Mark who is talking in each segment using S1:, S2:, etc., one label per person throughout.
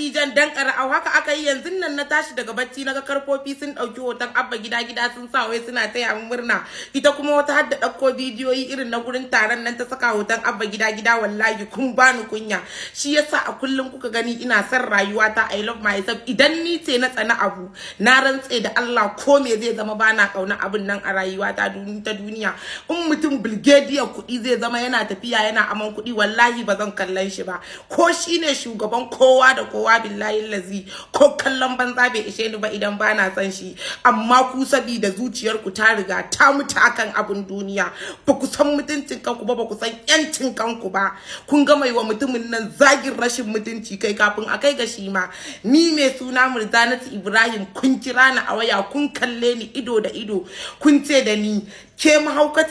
S1: ijan dan karau haka aka yi yanzu nan na tashi daga bacci naga karfofi sun ɗauki hoton abba gida gida sun sa wai suna taya mu murna ita kuma wata hadda dauko bidiyoyi irin na gurin taron nan ta saka hoton abba gida gida wallahi kun bani kunya shi yasa a kullum kuka gani ina son rayuwata I love myself idan ni ce na tsana abu na rantse da Allah ko me zai zama bana kauna abin nan a rayuwata ta duniya in mutum bilgediyar kuɗi zai zama yana tafiya yana aman kuɗi wallahi ba zan kallon shi ba ko shine shugaban kowa da kowa wa billahi lazi ko kallon banza bai ishe ni ba idan ba na san shi amma ku sabida zuciyar ku ta riga ta mutu akan abun duniya ba ku san mutuncin kanku ba ba ku san yancin kanku ba kun ga mai wa mutumin nan zagin rashin mutunci kai kafin a kai ga shi ma ni mai suna Murzanatu Ibrahim kun kira ni a waya kun kalle ni ido da ido kun ce da ni ke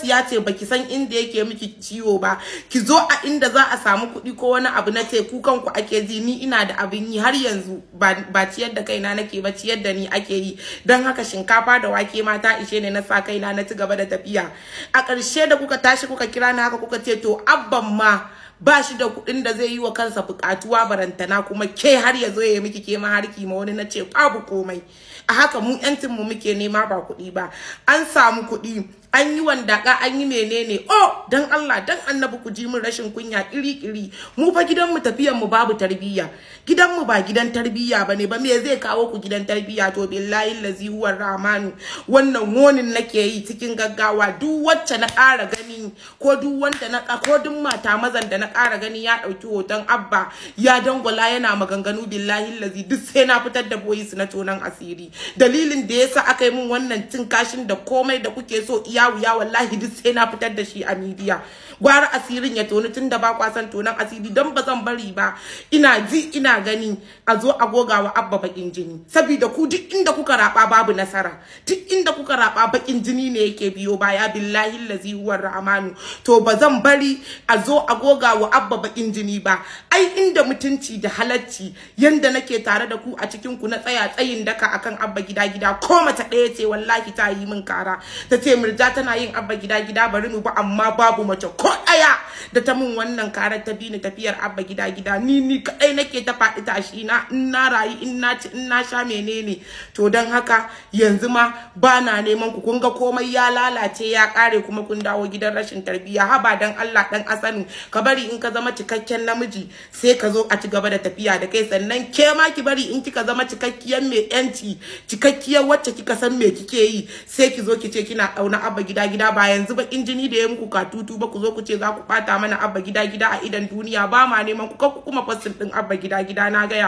S1: ya ce baki san inda yake miki ciwo ba ki zo a inda za a samu kuɗi ko wani abu na teku ku kanku ake ji ni ina da abin yi har yanzu ba ciyar da kaina nake ba ciyar da ni ake yi don haka shinkafa da wake ma ta ishe ne na sa kaina na ci gaba da tafiya a ƙarshe da kuka tashi kuka kira ni haka kuka ce to abban ma ba shi da kuɗin da zai yi wa kansa buƙatuwa barantana kuma ke har ya zo ya miki ke maharki ma wani na ce babu komai a haka mu 'yancinmu muke nema ba kuɗi ba an samu kuɗi an yi wanda ka an yi menene oh dan Allah dan annabi ku ji min rashin kunya kiri kiri mu fa gidan mu tafiyan mu babu tarbiyya gidan mu ba gidan tarbiyya bane ba me zai kawo ku gidan tarbiyya to billahi allazi huwa rahman wannan wonin nake yi cikin gaggawa duk wacce na ƙara gani ko duk wanda na ko duk mata mazan da na ƙara gani ya dauki hoton abba ya dangwala yana maganganu billahi allazi duk sai na fitar da boyis na tonan asiri dalilin da yasa aka yi min wannan cin kashin da komai da kuke so iya Yawu wuya wallahi duk sai na fitar da shi a midiya gwara asirin ya toni tunda ba kwasan tonan asiri don ba zan bari ba ina ji ina gani a zo a goga wa abba bakin jini saboda ku duk inda kuka raba babu nasara duk inda kuka raba bakin jini ne yake biyo baya billahi allazi huwa rahmanu to ba zan bari a zo a goga wa abba bakin jini ba ai inda mutunci da halacci yanda nake tare da ku a cikin ku na tsaya tsayin daka akan abba gida gida ko mata ɗaya ce wallahi ta yi min kara ta ce murja tana yin abba gida gida bari mu ba amma babu mace ko ɗaya da ta mun wannan karar ta bini tafiyar abba gida gida ni ni kaɗai nake ta faɗi tashi na in na rayu in na ci in na sha menene to don haka yanzu ma ba na neman ku kun ga komai ya lalace ya kare kuma kun dawo gidan rashin tarbiyya haba dan Allah dan asani ka bari in ka zama cikakken namiji sai ka zo a ci gaba da tafiya da kai sannan ke ma ki bari in kika zama cikakkiyar mai yanci cikakkiyar wacce kika san me kike yi sai ki zo ki ce kina ɗauna abba gida gida ba yanzu ba injini da ya muku katutu ba ku zo ku ce za ku bata mana abba gida gida a idan duniya ba ma neman ku kuma fasil din abba gida gida na gaya